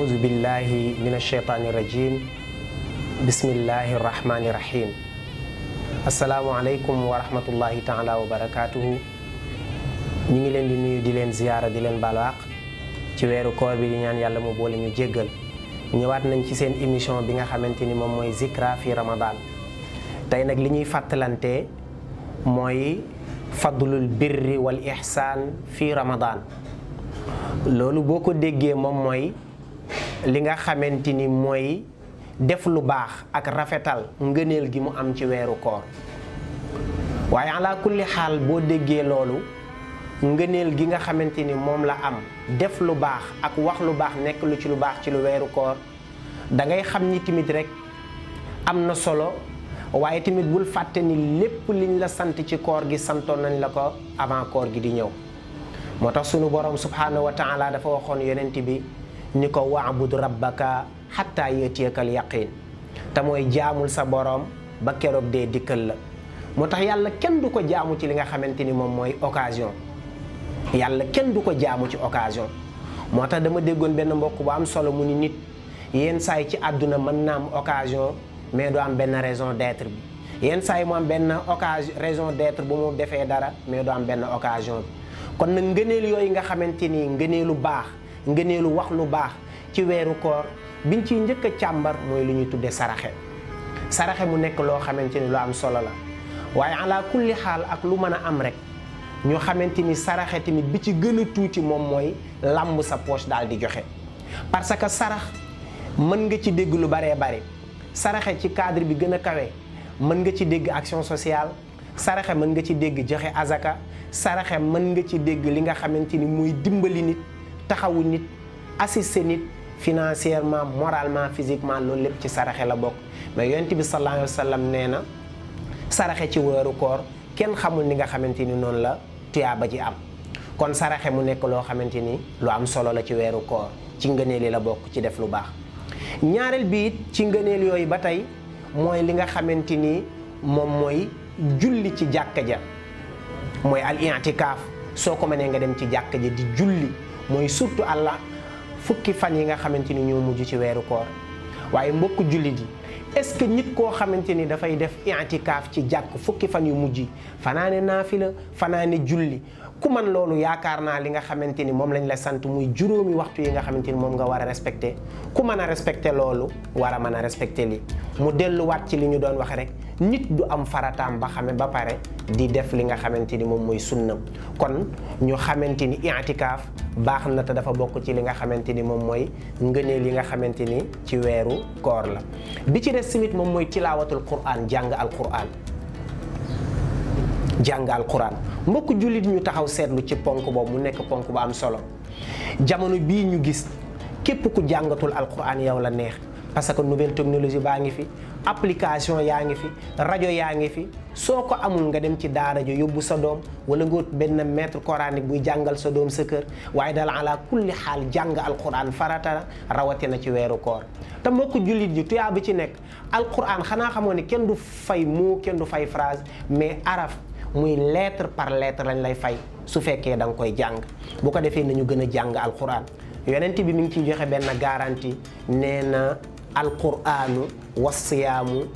أعوذ بالله من الشيطان الرجيم بسم الله الرحمن الرحيم السلام عليكم ورحمة الله تعالى وبركاته نيجي لين دي لين زيارة دي لين بالواق تويرو كور بي نيان يالا مو بول ني جيغل نيوات نان سي سين ايميشن بيغا خامتيني موم موي ذكرى في رمضان تاي نك لي ني فاتلانتي موي فضل البر والاحسان في رمضان لولو بوكو ديغي موم موي li nga xamante ni mooy def lu baax ak rafetal ngëneel gi mu am ci weeru koor waaye ala kulli xaal boo déggee loolu ngëneel gi nga xamante ni moom la am def lu baax ak wax lu baax nekk lu ci lu baax ci lu weeru koor dangay xam ni tamit rek am na solo waaye tamit bul fàtte ni lépp liñ la sant ci koor gi santoon nañ la ko avant koor gi di ñëw moo tax sunu borom subhaanahu wa taala dafa waxoon yonent bi ni ko waa bu waabud rabbaka xattaa yatiyakal yaqin te mooy jaamul sa boroom ba keroog dee dikkal la moo tax yàlla kenn du ko jaamu ci li nga xamante ni moom mooy occasion yàlla kenn du ko jaamu ci occasion moo tax dama déggoon benn mbokk bu am solo mu ni nit yenn saay ci àdduna mën naa am occasion mais du am benn raison d'être bi yenn saa yi mu am benn occasion raison d'être bu mu defee dara mais du am benn occasion bi kon nag ngëneel yooyu nga xamante ni ngëneelu baax lu wax lu baax ci weeru koor biñ ciy njëkk a càmbar mooy lu ñu tuddee saraxe saraxe mu nekk loo xamante ni lu am solo la waaye ala xaal ak lu mën a am rek ñu xamante ni saraxe tamit bi ci gën a tuuti moom mooy làmb sa poche daal di joxe parce que sarax mën nga ci dégg lu baree bare saraxe ci cadre bi gën a kawe mën nga ci dégg action sociale saraxe mën nga ci dégg joxe azaka saraxe mën nga ci dégg li nga xamante ni muy dimbali nit taxawu nit assister nit financièrement moralement physiquement loolu lépp ci saraxe la bokk mais yonent bi sallallahu alayhi nee na saraxe ci weeru koor kenn xamul ni nga xamante ni noonu la tuyaaba ci am kon saraxe mu nekk loo xamante ni lu am solo la ci weeru koor ci ngëneel la bokk ci def lu baax ñaareel bi it ci ngëneel yooyu ba tey mooy li nga xamante ni moom mooy julli ci jàkka ja mooy al i'tikaaf soo ko nee nga dem ci jàkka ja di julli mooy surtout allah fukki fan yi nga xamante ni ñoo mujj ci weeru koor waaye mbokk julli ji est-ce que nit koo xamante ni dafay def i'tikaaf ci jàkk fukki fan yu mujj yi fanaane naafila fanaane julli ku man loolu yaakaar naa li nga xamante ni moom lañ la sant muy juróomi waxtu yi nga xamante ni moom nga war a respecté ku mën a respecté loolu war a mën a respecté li mu delluwaat ci li ñu doon wax rek nit du am farataam ba xame ba pare di def li nga xamanteni mom moy sunna kon ñu xamanteni i'tikaf i'tikaaf baax na te dafa bok ci li nga xamanteni mom moy ngeene li nga xamanteni ci wéru koor la bi ci dess simit mom moy tilawatul quran jang al quran jang al quran mbok julit ñu taxaw setlu ci ponk boobu mu nek ponk bu am solo jamono bi ñu gis képp ku al-qur'an yow la neex parce que nouvelle technologie baangi fi application yaa ngi fi rajo yaa ngi fi soo ko amul nga dem ci daara jo yóbbu sa doom wala nga wut benn maître coranique buy jàngal sa doom sa kër waaye daal ala kulli xaal jàng alquran farata rawatina ci weeru koor te mbokk jullit ji tuyaa bi ci nekk alquran xanaa xamoon ne kenn du fay mot kenn du fay phrase mais araf muy lettre par lettre lañ lay fay su fekkee da nga koy jàng bu ko defee nañu gën a jàng alquran yonent bi mu ngi ciy joxe benn garantie nee na alquranu wasiyaamu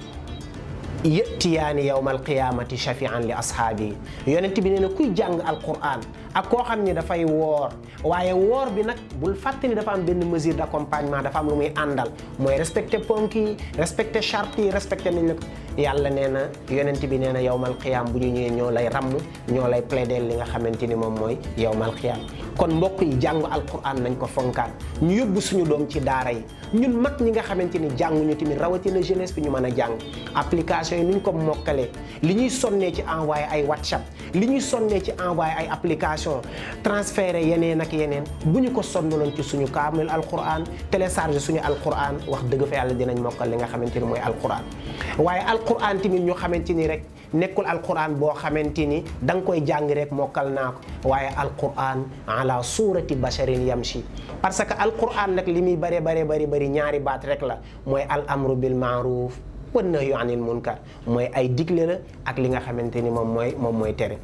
yëttiyaani yowmal qiyaamati shafian li ashaabi yonent bi nee na kuy jàng al alquran ak koo xam ni dafay woor waaye woor bi nag bul fàtte ni dafa am benn mesure d'accompagnement dafa am lu muy àndal mooy respecté ponk yi respecté charte yi respecté nañ la yàlla nee na yonent bi nee na yowmal qiyaam bu ñu ñëwee ñoo lay ramm ñoo lay plaider li nga xamante ni moom mooy yowmal qiyaam kon mbokk yi jàng jàngu alquran nañ ko fonkaat ñu yóbbu suñu doom ci daara yi ñun mag ñi nga xamante ni jànguñu tamit rawatina jeunesse bi ñu mën a jàng application yi nuñ ko mokkalee li ñuy sonnee ci envoyé ay whatsapp li ñuy sonnee ci envoyé ay application transféré yeneen ak yeneen bu ñu ko sonnaloon ci suñu kaamil alquran téléchargé suñu alquran wax dëgg fa yàlla dinañ mokkal li nga xamante ni mooy alquran waaye alquran tamit ñu xamante ni rek nekkul alquran boo xamante ni da koy jàng rek mokkal naa ko waaye alquran ala surati basharin si parce que alquran nag li muy bare bare bari bari ñaari baat rek la mooy al amru bil maaruf wan nahyu anil munkar mooy ay digle la ak li nga xamante ni moom mooy moom mooy tere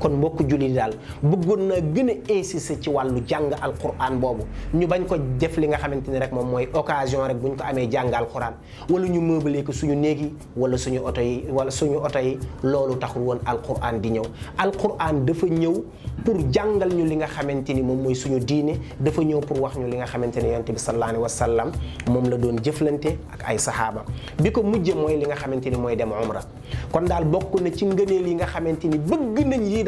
kon mbokk jullit daal bëggoon naa gën a insister ci wàllu jàng alquran boobu ñu bañ ko jëf li nga xamante ni rek moom mooy occasion rek bu ñu ko amee jàng alquran wala ñu meubler ko suñu néeg yi wala suñu oto yi wala suñu oto yi loolu taxul woon alquran di ñëw alquran dafa ñëw pour jàngal ñu li nga xamante ni moom mooy suñu diine dafa ñëw pour wax ñu li nga xamante ni yonent bi sallallahu alayhi wa sallam moom la doon jëflante ak ay saxaaba bi ko mujjee mooy li nga xamante ni mooy dem umra kon daal bokk na ci ngëneel yi nga xamante bëgg nañ yi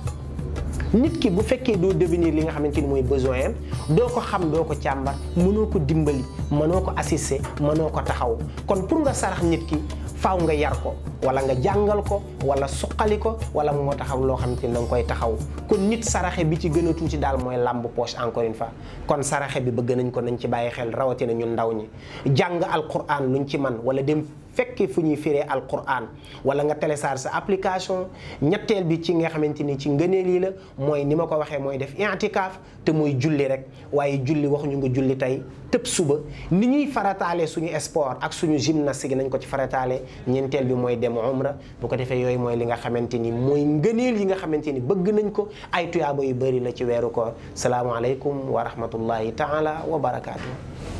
nit ki bu fekkee doo devenir li nga xamante ni mooy besoin am doo ko xam doo ko càmbar mënoo ko dimbali mënoo ko assister mënoo ko taxaw kon pour nga sarax nit ki faaw nga yar ko wala nga jàngal ko wala suqali ko wala moo taxaw loo xamante ni danga koy taxaw kon nit saraxe bi ci gën a tuuti daal mooy làmb poche encore une fois kon saraxe bi bëgg nañ ko nañ ci bàyyi xel rawatina ñun ndaw ñi jàng alquran luñ ci man wala dem fekkee fu ñuy firee alquran wala nga télécharge sa application ñetteel bi ci nga xamante ni ci ngëneel yi la mooy ni ma ko waxee mooy def i'tikaaf te mooy julli rek waaye julli waxuñu nga julli tey tëb suba ni ñuy farataale suñu sport ak suñu gymnastique nañ ko ci farataale ñeenteel bi mooy dem umra bu ko defee yooyu mooy li nga xamante ni mooy ngëneel yi nga xamante ni bëgg nañ ko ay tuyaaba yu bëri la ci weeru koor salaamualeykum wa rahmatullahi taala wa barakaatu.